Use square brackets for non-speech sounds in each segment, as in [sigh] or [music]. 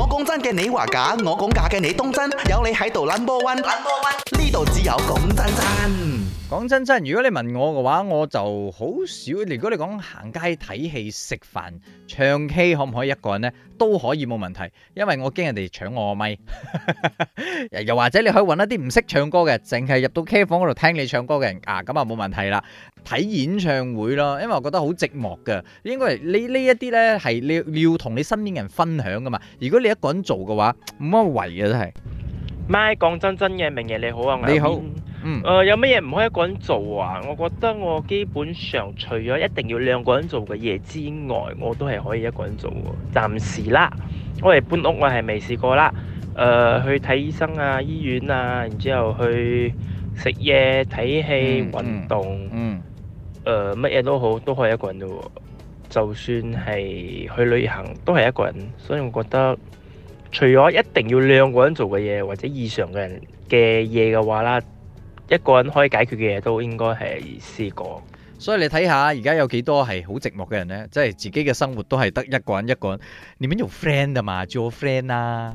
我講真嘅，你話假；我講假嘅，你當真。有你喺度 number one，number one，呢度只有講真真。講真真，如果你問我嘅話，我就好少。如果你講行街睇戲、食飯、唱 K，ey, 可唔可以一個人呢？都可以冇問題，因為我驚人哋搶我咪。 [laughs] 又或者你可以搵一啲唔識唱歌嘅，淨係入到 K 房嗰度聽你唱歌嘅人啊，咁啊冇問題啦。睇演唱會咯，因為我覺得好寂寞嘅，應該係呢呢一啲呢，係你要同你身邊人分享噶嘛。如果你一個人做嘅話，冇乜謂嘅都係。MY 講真真嘅，明日你好啊，你好，你好我嗯，呃、有乜嘢唔可以一個人做啊？我覺得我基本上除咗一定要兩個人做嘅嘢之外，我都係可以一個人做喎。暫時啦，我哋搬屋，我係未試過啦。誒、呃、去睇醫生啊，醫院啊，然之後去食嘢、睇戲、嗯、運動，嗯。嗯。誒，乜嘢都好，都可以一個人噶喎。就算係去旅行，都係一個人。所以我覺得，除咗一定要兩個人做嘅嘢或者以上嘅人嘅嘢嘅話啦，一個人可以解決嘅嘢都應該係試過。所以你睇下，而家有幾多係好寂寞嘅人呢？即係自己嘅生活都係得一個人，一個人。你交 friend 啊嘛，做 friend 啊？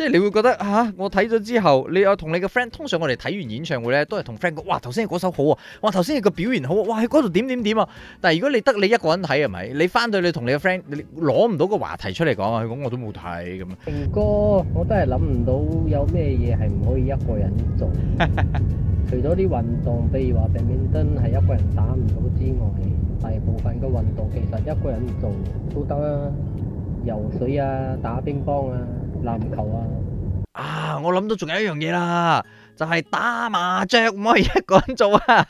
即係你會覺得吓、啊，我睇咗之後，你有同你嘅 friend，通常我哋睇完演唱會咧，都係同 friend 講，哇頭先嗰首好啊，哇頭先你個表現好啊，哇喺嗰度點點點啊。但係如果你得你一個人睇係咪？你翻到你同你嘅 friend，你攞唔到個話題出嚟講啊。佢講我都冇睇咁啊。樣哥，我都係諗唔到有咩嘢係唔可以一個人做的。 [laughs] 除咗啲運動，譬如話 badminton 係一個人打唔到之外，大部分嘅運動其實一個人做都得啦，游水啊，打乒乓啊。籃球啊！啊，我諗到仲有一樣嘢啦，就係、是、打麻雀唔可以一個人做啊！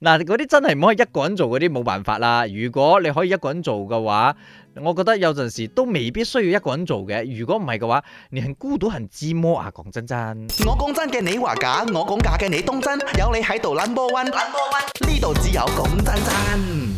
嗱，嗰啲真係唔可以一個人做，嗰啲冇辦法啦。如果你可以一個人做嘅話，我覺得有陣時都未必需要一個人做嘅。如果唔係嘅話，你係孤獨人自摸啊！講真真，我講真嘅你話假，我講假嘅你當真，有你喺度，number one，呢度只有講真真。